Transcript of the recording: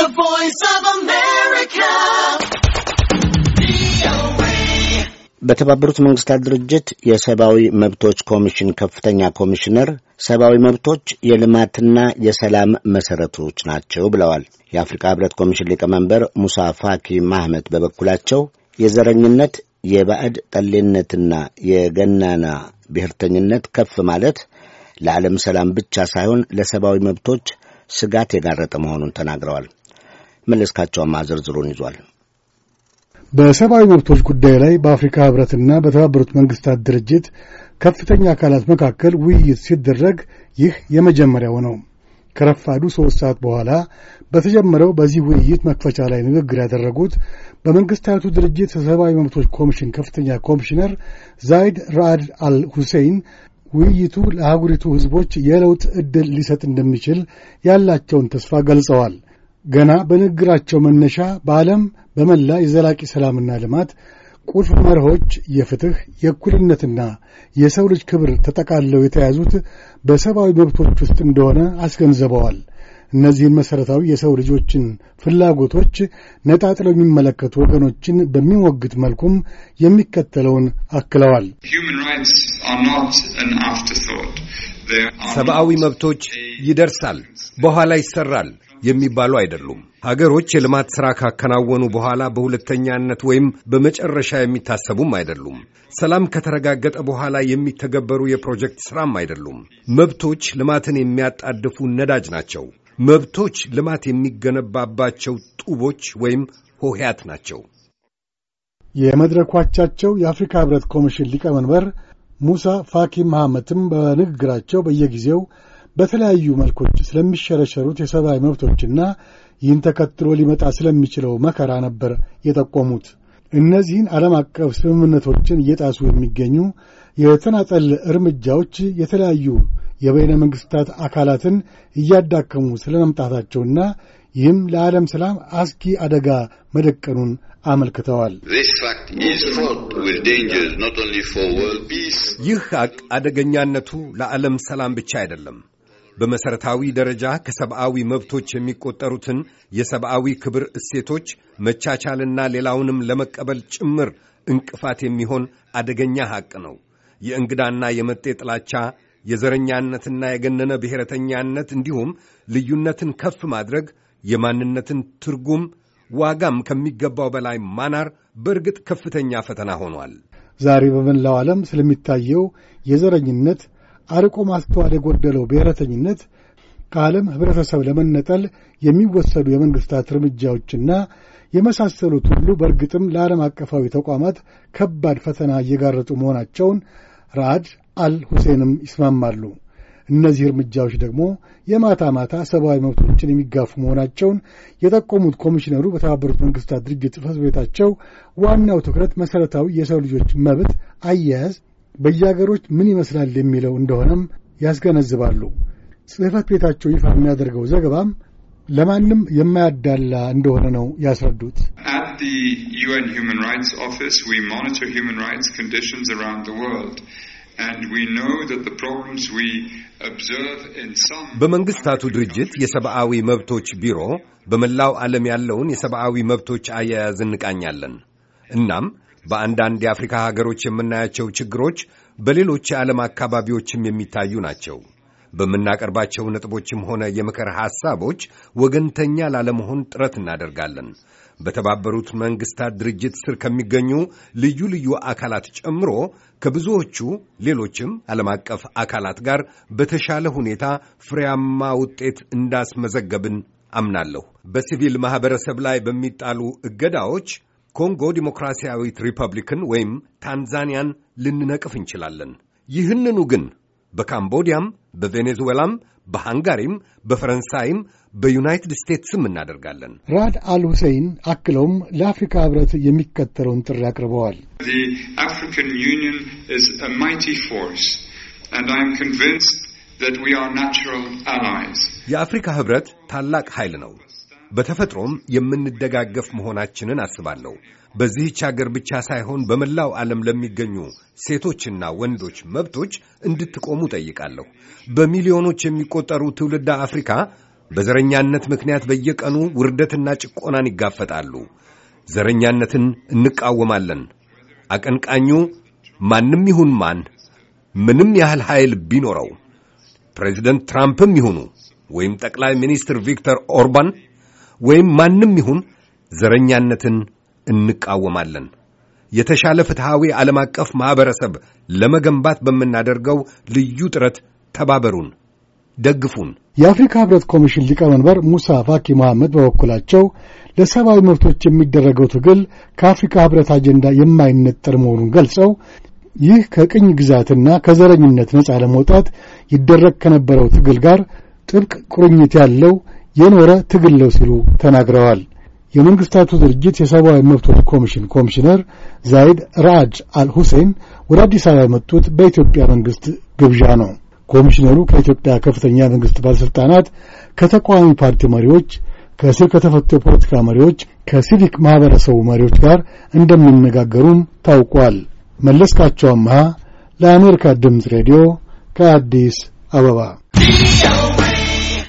The Voice of America. በተባበሩት መንግስታት ድርጅት የሰብአዊ መብቶች ኮሚሽን ከፍተኛ ኮሚሽነር ሰብአዊ መብቶች የልማትና የሰላም መሰረቶች ናቸው ብለዋል። የአፍሪካ ህብረት ኮሚሽን ሊቀመንበር ሙሳ ፋኪ ማህመድ በበኩላቸው የዘረኝነት የባዕድ ጠሌነትና የገናና ብሔርተኝነት ከፍ ማለት ለዓለም ሰላም ብቻ ሳይሆን ለሰብአዊ መብቶች ስጋት የጋረጠ መሆኑን ተናግረዋል። መለስካቸው አማረ ይዟል። በሰብአዊ መብቶች ጉዳይ ላይ በአፍሪካ ህብረትና በተባበሩት መንግስታት ድርጅት ከፍተኛ አካላት መካከል ውይይት ሲደረግ ይህ የመጀመሪያው ነው። ከረፋዱ ሦስት ሰዓት በኋላ በተጀመረው በዚህ ውይይት መክፈቻ ላይ ንግግር ያደረጉት በመንግስታቱ ድርጅት የሰብአዊ መብቶች ኮሚሽን ከፍተኛ ኮሚሽነር ዛይድ ራአድ አል ሁሴይን ውይይቱ ለአህጉሪቱ ህዝቦች የለውጥ ዕድል ሊሰጥ እንደሚችል ያላቸውን ተስፋ ገልጸዋል። ገና በንግግራቸው መነሻ በዓለም በመላ የዘላቂ ሰላምና ልማት ቁልፍ መርሆች የፍትሕ፣ የእኩልነትና የሰው ልጅ ክብር ተጠቃልለው የተያዙት በሰብአዊ መብቶች ውስጥ እንደሆነ አስገንዝበዋል። እነዚህን መሠረታዊ የሰው ልጆችን ፍላጎቶች ነጣጥለው የሚመለከቱ ወገኖችን በሚሞግት መልኩም የሚከተለውን አክለዋል። ሰብአዊ መብቶች ይደርሳል፣ በኋላ ይሠራል የሚባሉ አይደሉም። ሀገሮች የልማት ሥራ ካከናወኑ በኋላ በሁለተኛነት ወይም በመጨረሻ የሚታሰቡም አይደሉም። ሰላም ከተረጋገጠ በኋላ የሚተገበሩ የፕሮጀክት ሥራም አይደሉም። መብቶች ልማትን የሚያጣድፉ ነዳጅ ናቸው። መብቶች ልማት የሚገነባባቸው ጡቦች ወይም ሆሄያት ናቸው። የመድረኳቻቸው የአፍሪካ ኅብረት ኮሚሽን ሊቀመንበር ሙሳ ፋኪ መሐመትም በንግግራቸው በየጊዜው በተለያዩ መልኮች ስለሚሸረሸሩት የሰብአዊ መብቶችና ይህን ተከትሎ ሊመጣ ስለሚችለው መከራ ነበር የጠቆሙት። እነዚህን ዓለም አቀፍ ስምምነቶችን እየጣሱ የሚገኙ የተናጠል እርምጃዎች የተለያዩ የበይነ መንግሥታት አካላትን እያዳከሙ ስለ መምጣታቸውና ይህም ለዓለም ሰላም አስጊ አደጋ መደቀኑን አመልክተዋል። ይህ ሐቅ አደገኛነቱ ለዓለም ሰላም ብቻ አይደለም በመሠረታዊ ደረጃ ከሰብአዊ መብቶች የሚቆጠሩትን የሰብአዊ ክብር እሴቶች መቻቻልና ሌላውንም ለመቀበል ጭምር እንቅፋት የሚሆን አደገኛ ሐቅ ነው። የእንግዳና የመጤ ጥላቻ፣ የዘረኛነትና የገነነ ብሔረተኛነት እንዲሁም ልዩነትን ከፍ ማድረግ የማንነትን ትርጉም ዋጋም ከሚገባው በላይ ማናር በእርግጥ ከፍተኛ ፈተና ሆኗል። ዛሬ በመላው ዓለም ስለሚታየው የዘረኝነት አርቆ ማስተዋል የጎደለው ብሔረተኝነት ከዓለም ኅብረተሰብ ለመነጠል የሚወሰዱ የመንግሥታት እርምጃዎችና የመሳሰሉት ሁሉ በእርግጥም ለዓለም አቀፋዊ ተቋማት ከባድ ፈተና እየጋረጡ መሆናቸውን ራአድ አል ሁሴንም ይስማማሉ። እነዚህ እርምጃዎች ደግሞ የማታ ማታ ሰብአዊ መብቶችን የሚጋፉ መሆናቸውን የጠቆሙት ኮሚሽነሩ በተባበሩት መንግሥታት ድርጅት ጽሕፈት ቤታቸው ዋናው ትኩረት መሠረታዊ የሰው ልጆች መብት አያያዝ በየአገሮች ምን ይመስላል የሚለው እንደሆነም ያስገነዝባሉ። ጽሕፈት ቤታቸው ይፋ የሚያደርገው ዘገባም ለማንም የማያዳላ እንደሆነ ነው ያስረዱት። በመንግሥታቱ ድርጅት የሰብአዊ መብቶች ቢሮ በመላው ዓለም ያለውን የሰብአዊ መብቶች አያያዝ እንቃኛለን። እናም በአንዳንድ የአፍሪካ ሀገሮች የምናያቸው ችግሮች በሌሎች የዓለም አካባቢዎችም የሚታዩ ናቸው። በምናቀርባቸው ነጥቦችም ሆነ የምክር ሐሳቦች ወገንተኛ ላለመሆን ጥረት እናደርጋለን። በተባበሩት መንግሥታት ድርጅት ስር ከሚገኙ ልዩ ልዩ አካላት ጨምሮ ከብዙዎቹ ሌሎችም ዓለም አቀፍ አካላት ጋር በተሻለ ሁኔታ ፍሬያማ ውጤት እንዳስመዘገብን አምናለሁ። በሲቪል ማኅበረሰብ ላይ በሚጣሉ እገዳዎች ኮንጎ ዲሞክራሲያዊት ሪፐብሊክን ወይም ታንዛኒያን ልንነቅፍ እንችላለን። ይህንኑ ግን በካምቦዲያም፣ በቬኔዙዌላም፣ በሃንጋሪም፣ በፈረንሳይም በዩናይትድ ስቴትስም እናደርጋለን። ራድ አል ሁሴይን አክለውም ለአፍሪካ ህብረት የሚከተለውን ጥሪ አቅርበዋል። የአፍሪካ ህብረት ታላቅ ኃይል ነው በተፈጥሮም የምንደጋገፍ መሆናችንን አስባለሁ። በዚህች አገር ብቻ ሳይሆን በመላው ዓለም ለሚገኙ ሴቶችና ወንዶች መብቶች እንድትቆሙ ጠይቃለሁ። በሚሊዮኖች የሚቆጠሩ ትውልደ አፍሪካ በዘረኛነት ምክንያት በየቀኑ ውርደትና ጭቆናን ይጋፈጣሉ። ዘረኛነትን እንቃወማለን። አቀንቃኙ ማንም ይሁን ማን ምንም ያህል ኃይል ቢኖረው ፕሬዚደንት ትራምፕም ይሁኑ ወይም ጠቅላይ ሚኒስትር ቪክተር ኦርባን ወይም ማንም ይሁን ዘረኛነትን እንቃወማለን። የተሻለ ፍትሐዊ ዓለም አቀፍ ማኅበረሰብ ለመገንባት በምናደርገው ልዩ ጥረት ተባበሩን፣ ደግፉን። የአፍሪካ ኅብረት ኮሚሽን ሊቀመንበር ሙሳ ፋኪ መሐመድ በበኩላቸው ለሰብአዊ መብቶች የሚደረገው ትግል ከአፍሪካ ኅብረት አጀንዳ የማይነጠር መሆኑን ገልጸው ይህ ከቅኝ ግዛትና ከዘረኝነት ነፃ ለመውጣት ይደረግ ከነበረው ትግል ጋር ጥብቅ ቁርኝት ያለው የኖረ ትግል ነው ሲሉ ተናግረዋል። የመንግስታቱ ድርጅት የሰብአዊ መብቶች ኮሚሽን ኮሚሽነር ዛይድ ራአድ አልሁሴን ወደ አዲስ አበባ የመጡት በኢትዮጵያ መንግስት ግብዣ ነው። ኮሚሽነሩ ከኢትዮጵያ ከፍተኛ መንግስት ባለሥልጣናት፣ ከተቃዋሚ ፓርቲ መሪዎች፣ ከእስር ከተፈቱ የፖለቲካ መሪዎች፣ ከሲቪክ ማኅበረሰቡ መሪዎች ጋር እንደሚነጋገሩም ታውቋል። መለስካቸው አምሃ ለአሜሪካ ድምፅ ሬዲዮ ከአዲስ አበባ